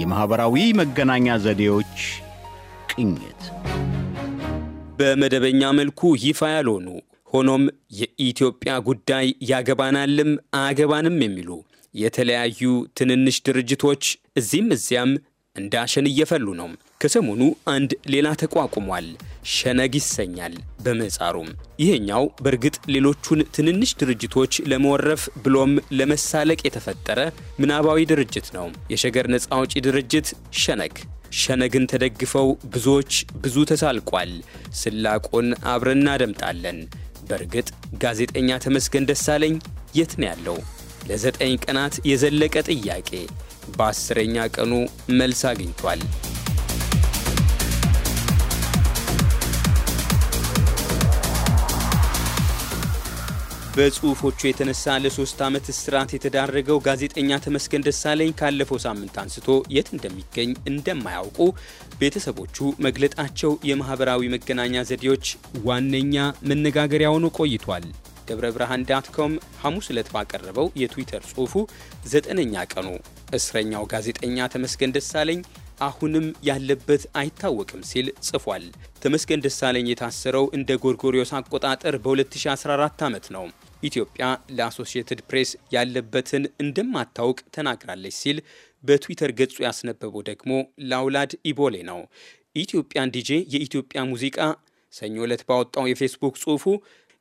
የማኅበራዊ መገናኛ ዘዴዎች ቅኝት በመደበኛ መልኩ ይፋ ያልሆኑ ሆኖም የኢትዮጵያ ጉዳይ ያገባናልም አያገባንም የሚሉ የተለያዩ ትንንሽ ድርጅቶች እዚህም እዚያም እንደ አሸን እየፈሉ ነው። ከሰሞኑ አንድ ሌላ ተቋቁሟል። ሸነግ ይሰኛል በምህጻሩም። ይሄኛው በእርግጥ ሌሎቹን ትንንሽ ድርጅቶች ለመወረፍ ብሎም ለመሳለቅ የተፈጠረ ምናባዊ ድርጅት ነው። የሸገር ነፃ አውጪ ድርጅት ሸነግ። ሸነግን ተደግፈው ብዙዎች ብዙ ተሳልቋል። ስላቁን አብረን እናደምጣለን። በእርግጥ ጋዜጠኛ ተመስገን ደሳለኝ የት ነው ያለው? ለዘጠኝ ቀናት የዘለቀ ጥያቄ በአስረኛ ቀኑ መልስ አግኝቷል። በጽሁፎቹ የተነሳ ለሶስት ዓመት እስራት የተዳረገው ጋዜጠኛ ተመስገን ደሳለኝ ካለፈው ሳምንት አንስቶ የት እንደሚገኝ እንደማያውቁ ቤተሰቦቹ መግለጣቸው የማኅበራዊ መገናኛ ዘዴዎች ዋነኛ መነጋገሪያ ሆኖ ቆይቷል። ደብረ ብርሃን ዳት ኮም ሐሙስ ዕለት ባቀረበው የትዊተር ጽሑፉ ዘጠነኛ ቀኑ እስረኛው ጋዜጠኛ ተመስገን ደሳለኝ አሁንም ያለበት አይታወቅም ሲል ጽፏል። ተመስገን ደሳለኝ የታሰረው እንደ ጎርጎሪዮስ አቆጣጠር በ2014 ዓመት ነው። ኢትዮጵያ ለአሶሺየትድ ፕሬስ ያለበትን እንደማታውቅ ተናግራለች ሲል በትዊተር ገጹ ያስነበበው ደግሞ ላውላድ ኢቦሌ ነው። ኢትዮጵያን ዲጄ የኢትዮጵያ ሙዚቃ ሰኞ ዕለት ባወጣው የፌስቡክ ጽሑፉ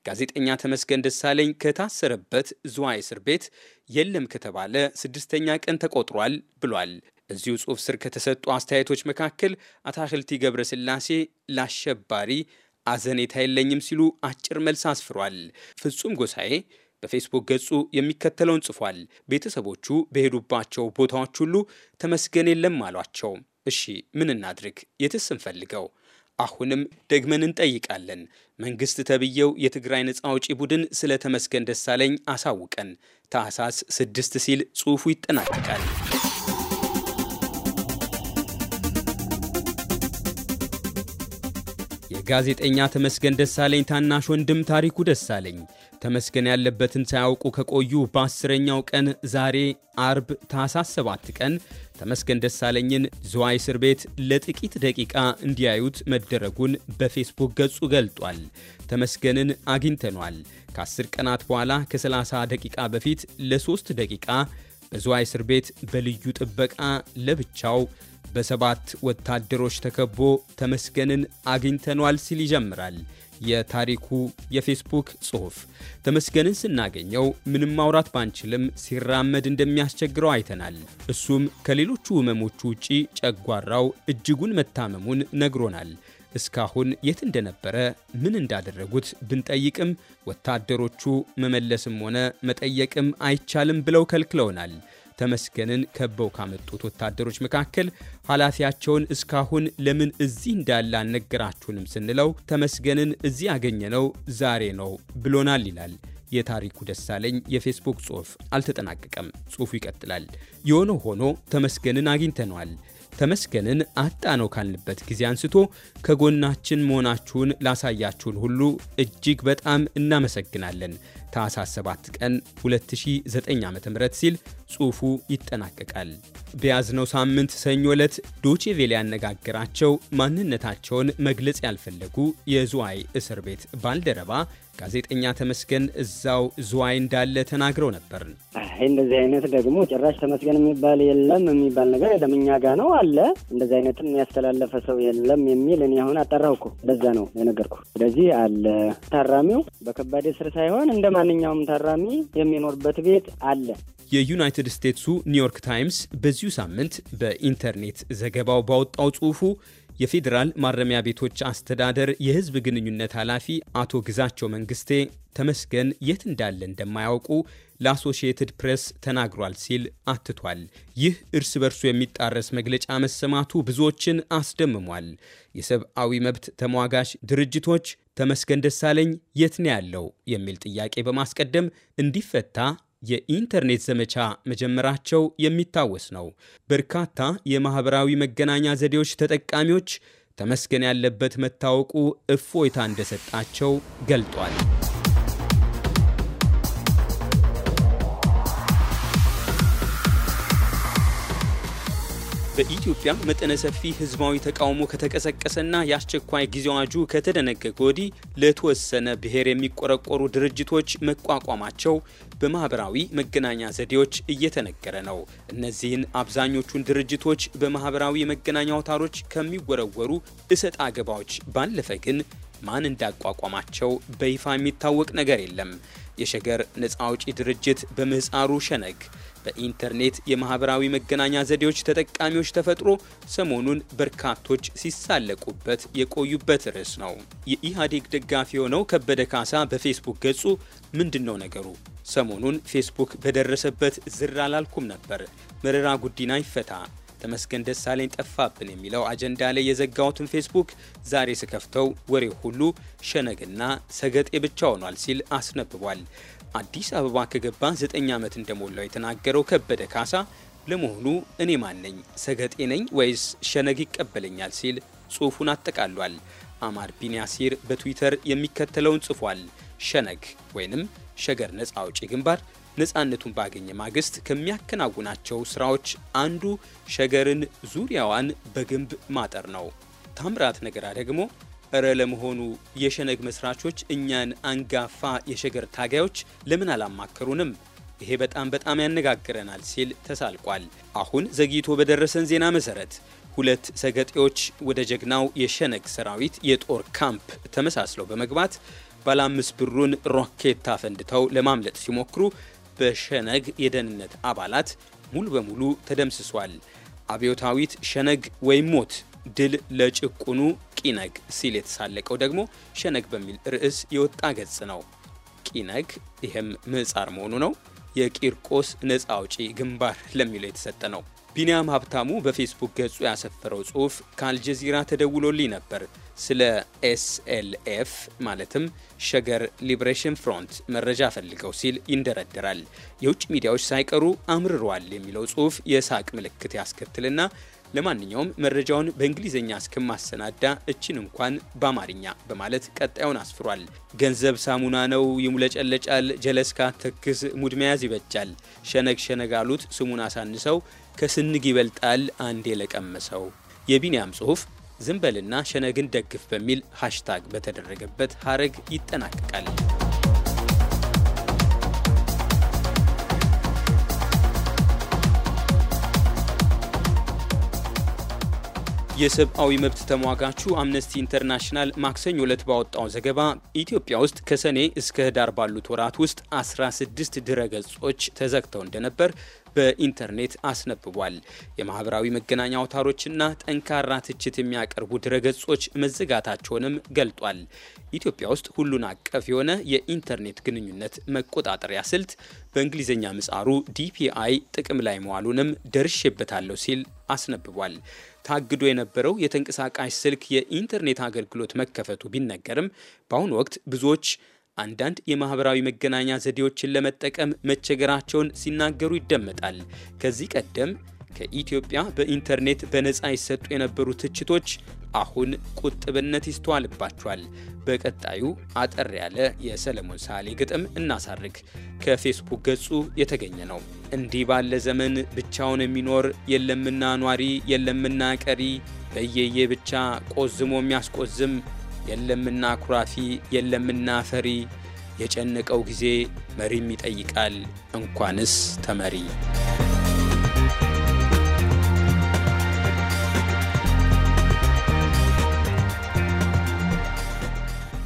ጋዜጠኛ ተመስገን ደሳለኝ ከታሰረበት ዝዋይ እስር ቤት የለም ከተባለ ስድስተኛ ቀን ተቆጥሯል ብሏል። እዚሁ ጽሑፍ ስር ከተሰጡ አስተያየቶች መካከል አታክልቲ ገብረስላሴ ለአሸባሪ አዘኔታ የለኝም ሲሉ አጭር መልስ አስፍሯል። ፍጹም ጎሳኤ በፌስቡክ ገጹ የሚከተለውን ጽፏል። ቤተሰቦቹ በሄዱባቸው ቦታዎች ሁሉ ተመስገን የለም አሏቸው። እሺ ምን እናድርግ? የትስ እንፈልገው? አሁንም ደግመን እንጠይቃለን። መንግስት ተብዬው የትግራይ ነጻ አውጪ ቡድን ስለ ተመስገን ደሳለኝ አሳውቀን። ታህሳስ ስድስት ሲል ጽሑፉ ይጠናቀቃል። የጋዜጠኛ ተመስገን ደሳለኝ ታናሽ ወንድም ታሪኩ ደሳለኝ ተመስገን ያለበትን ሳያውቁ ከቆዩ በአስረኛው ቀን ዛሬ አርብ ታኅሳስ 7 ቀን ተመስገን ደሳለኝን ዝዋይ እስር ቤት ለጥቂት ደቂቃ እንዲያዩት መደረጉን በፌስቡክ ገጹ ገልጧል። ተመስገንን አግኝተኗል። ከ10 ቀናት በኋላ ከ30 ደቂቃ በፊት ለ3 ደቂቃ በዝዋይ እስር ቤት በልዩ ጥበቃ ለብቻው በሰባት ወታደሮች ተከቦ ተመስገንን አግኝተኗል ሲል ይጀምራል። የታሪኩ የፌስቡክ ጽሑፍ ተመስገንን ስናገኘው ምንም ማውራት ባንችልም ሲራመድ እንደሚያስቸግረው አይተናል። እሱም ከሌሎቹ ህመሞቹ ውጪ ጨጓራው እጅጉን መታመሙን ነግሮናል። እስካሁን የት እንደነበረ ምን እንዳደረጉት ብንጠይቅም ወታደሮቹ መመለስም ሆነ መጠየቅም አይቻልም ብለው ከልክለውናል። ተመስገንን ከበው ካመጡት ወታደሮች መካከል ኃላፊያቸውን እስካሁን ለምን እዚህ እንዳለ አልነገራችሁንም ስንለው ተመስገንን እዚህ ያገኘነው ዛሬ ነው ብሎናል ይላል። የታሪኩ ደሳለኝ የፌስቡክ ጽሑፍ አልተጠናቀቀም። ጽሑፉ ይቀጥላል። የሆነ ሆኖ ተመስገንን አግኝተነዋል። ተመስገንን አጣ ነው ካልንበት ጊዜ አንስቶ ከጎናችን መሆናችሁን ላሳያችሁን ሁሉ እጅግ በጣም እናመሰግናለን። ታኅሳስ 7 ቀን 2009 ዓ ም ሲል ጽሑፉ ይጠናቀቃል። በያዝነው ሳምንት ሰኞ ዕለት ዶቼ ቬለ ያነጋገራቸው ማንነታቸውን መግለጽ ያልፈለጉ የዙዋይ እስር ቤት ባልደረባ ጋዜጠኛ ተመስገን እዛው ዝዋይ እንዳለ ተናግረው ነበር። እንደዚህ አይነት ደግሞ ጭራሽ ተመስገን የሚባል የለም የሚባል ነገር የለም፣ እኛ ጋ ነው አለ። እንደዚህ አይነትም ያስተላለፈ ሰው የለም የሚል እኔ አሁን አጠራሁ እኮ በዛ ነው የነገርኩ። ስለዚህ አለ ታራሚው በከባድ እስር ሳይሆን እንደ ማንኛውም ታራሚ የሚኖርበት ቤት አለ። የዩናይትድ ስቴትሱ ኒውዮርክ ታይምስ በዚሁ ሳምንት በኢንተርኔት ዘገባው ባወጣው ጽሁፉ። የፌዴራል ማረሚያ ቤቶች አስተዳደር የህዝብ ግንኙነት ኃላፊ አቶ ግዛቸው መንግስቴ ተመስገን የት እንዳለ እንደማያውቁ ለአሶሺየትድ ፕሬስ ተናግሯል ሲል አትቷል። ይህ እርስ በርሱ የሚጣረስ መግለጫ መሰማቱ ብዙዎችን አስደምሟል። የሰብአዊ መብት ተሟጋች ድርጅቶች ተመስገን ደሳለኝ የት ነው ያለው የሚል ጥያቄ በማስቀደም እንዲፈታ የኢንተርኔት ዘመቻ መጀመራቸው የሚታወስ ነው። በርካታ የማኅበራዊ መገናኛ ዘዴዎች ተጠቃሚዎች ተመስገን ያለበት መታወቁ እፎይታ እንደሰጣቸው ገልጧል። በኢትዮጵያ መጠነ ሰፊ ህዝባዊ ተቃውሞ ከተቀሰቀሰና የአስቸኳይ ጊዜ አዋጁ ከተደነገገ ወዲህ ለተወሰነ ብሔር የሚቆረቆሩ ድርጅቶች መቋቋማቸው በማህበራዊ መገናኛ ዘዴዎች እየተነገረ ነው። እነዚህን አብዛኞቹን ድርጅቶች በማህበራዊ መገናኛ አውታሮች ከሚወረወሩ እሰጥ አገባዎች ባለፈ ግን ማን እንዳቋቋማቸው በይፋ የሚታወቅ ነገር የለም። የሸገር ነፃ አውጪ ድርጅት በምህፃሩ ሸነግ በኢንተርኔት የማህበራዊ መገናኛ ዘዴዎች ተጠቃሚዎች ተፈጥሮ ሰሞኑን በርካቶች ሲሳለቁበት የቆዩበት ርዕስ ነው። የኢህአዴግ ደጋፊ የሆነው ከበደ ካሳ በፌስቡክ ገጹ ምንድን ነው ነገሩ? ሰሞኑን ፌስቡክ በደረሰበት ዝር አላልኩም ነበር። መረራ ጉዲና ይፈታ ተመስገን ደሳለኝ ጠፋብን የሚለው አጀንዳ ላይ የዘጋሁትን ፌስቡክ ዛሬ ስከፍተው ወሬ ሁሉ ሸነግና ሰገጤ ብቻ ሆኗል ሲል አስነብቧል። አዲስ አበባ ከገባ ዘጠኝ ዓመት እንደሞላው የተናገረው ከበደ ካሳ ለመሆኑ እኔ ማን ነኝ? ሰገጤ ነኝ ወይስ ሸነግ ይቀበለኛል? ሲል ጽሑፉን አጠቃሏል። አማር ቢንያሲር በትዊተር የሚከተለውን ጽፏል። ሸነግ ወይንም ሸገር ነጻ አውጪ ግንባር ነፃነቱን ባገኘ ማግስት ከሚያከናውናቸው ስራዎች አንዱ ሸገርን ዙሪያዋን በግንብ ማጠር ነው። ታምራት ነገራ ደግሞ እረ ለመሆኑ የሸነግ መስራቾች እኛን አንጋፋ የሸገር ታጋዮች ለምን አላማከሩንም? ይሄ በጣም በጣም ያነጋግረናል ሲል ተሳልቋል። አሁን ዘግይቶ በደረሰን ዜና መሰረት ሁለት ሰገጤዎች ወደ ጀግናው የሸነግ ሰራዊት የጦር ካምፕ ተመሳስለው በመግባት ባለአምስት ብሩን ሮኬት አፈንድተው ለማምለጥ ሲሞክሩ በሸነግ የደህንነት አባላት ሙሉ በሙሉ ተደምስሷል። አብዮታዊት ሸነግ ወይም ሞት ድል ለጭቁኑ ቂነግ ሲል የተሳለቀው ደግሞ ሸነግ በሚል ርዕስ የወጣ ገጽ ነው። ቂነግ ይህም ምህጻር መሆኑ ነው። የቂርቆስ ነፃ አውጪ ግንባር ለሚለው የተሰጠ ነው። ቢንያም ሀብታሙ በፌስቡክ ገጹ ያሰፈረው ጽሑፍ ከአልጀዚራ ተደውሎልኝ ነበር። ስለ ኤስኤልኤፍ ማለትም ሸገር ሊብሬሽን ፍሮንት መረጃ ፈልገው ሲል ይንደረደራል። የውጭ ሚዲያዎች ሳይቀሩ አምርሯል የሚለው ጽሑፍ የሳቅ ምልክት ያስከትልና ለማንኛውም መረጃውን በእንግሊዝኛ እስከማሰናዳ እችን እንኳን በአማርኛ በማለት ቀጣዩን አስፍሯል። ገንዘብ ሳሙና ነው፣ ይሙለጨለጫል። ጀለስካ ትክስ፣ ሙድ መያዝ ይበጃል። ሸነግ ሸነግ አሉት ስሙን አሳንሰው ከስንግ ይበልጣል አንዴ ለቀመሰው የቢንያም ጽሑፍ ዝንበልና ሸነግን ደግፍ በሚል ሃሽታግ በተደረገበት ሀረግ ይጠናቀቃል። የሰብአዊ መብት ተሟጋቹ አምነስቲ ኢንተርናሽናል ማክሰኞ ዕለት ባወጣው ዘገባ ኢትዮጵያ ውስጥ ከሰኔ እስከ ህዳር ባሉት ወራት ውስጥ 16 ድረ ገጾች ተዘግተው እንደነበር በኢንተርኔት አስነብቧል። የማህበራዊ መገናኛ አውታሮችና ጠንካራ ትችት የሚያቀርቡ ድረገጾች መዘጋታቸውንም ገልጧል። ኢትዮጵያ ውስጥ ሁሉን አቀፍ የሆነ የኢንተርኔት ግንኙነት መቆጣጠሪያ ስልት በእንግሊዝኛ ምጻሩ ዲፒአይ ጥቅም ላይ መዋሉንም ደርሼበታለሁ ሲል አስነብቧል። ታግዶ የነበረው የተንቀሳቃሽ ስልክ የኢንተርኔት አገልግሎት መከፈቱ ቢነገርም በአሁኑ ወቅት ብዙዎች አንዳንድ የማህበራዊ መገናኛ ዘዴዎችን ለመጠቀም መቸገራቸውን ሲናገሩ ይደመጣል። ከዚህ ቀደም ከኢትዮጵያ በኢንተርኔት በነፃ ይሰጡ የነበሩ ትችቶች አሁን ቁጥብነት ይስተዋልባቸዋል። በቀጣዩ አጠር ያለ የሰለሞን ሳሌ ግጥም እናሳርግ። ከፌስቡክ ገጹ የተገኘ ነው። እንዲህ ባለ ዘመን ብቻውን የሚኖር የለምና ኗሪ የለምና ቀሪ በየየ ብቻ ቆዝሞ የሚያስቆዝም የለምና ኩራፊ የለምና ፈሪ የጨነቀው ጊዜ መሪም ይጠይቃል እንኳንስ ተመሪ።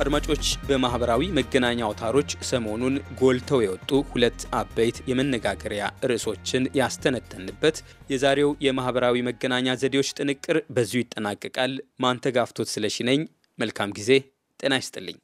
አድማጮች፣ በማህበራዊ መገናኛ አውታሮች ሰሞኑን ጎልተው የወጡ ሁለት አበይት የመነጋገሪያ ርዕሶችን ያስተነተንበት የዛሬው የማህበራዊ መገናኛ ዘዴዎች ጥንቅር በዚሁ ይጠናቀቃል። ማንተጋፍቶት ስለሺ ነኝ። መልካም ጊዜ። ጤና ይስጥልኝ።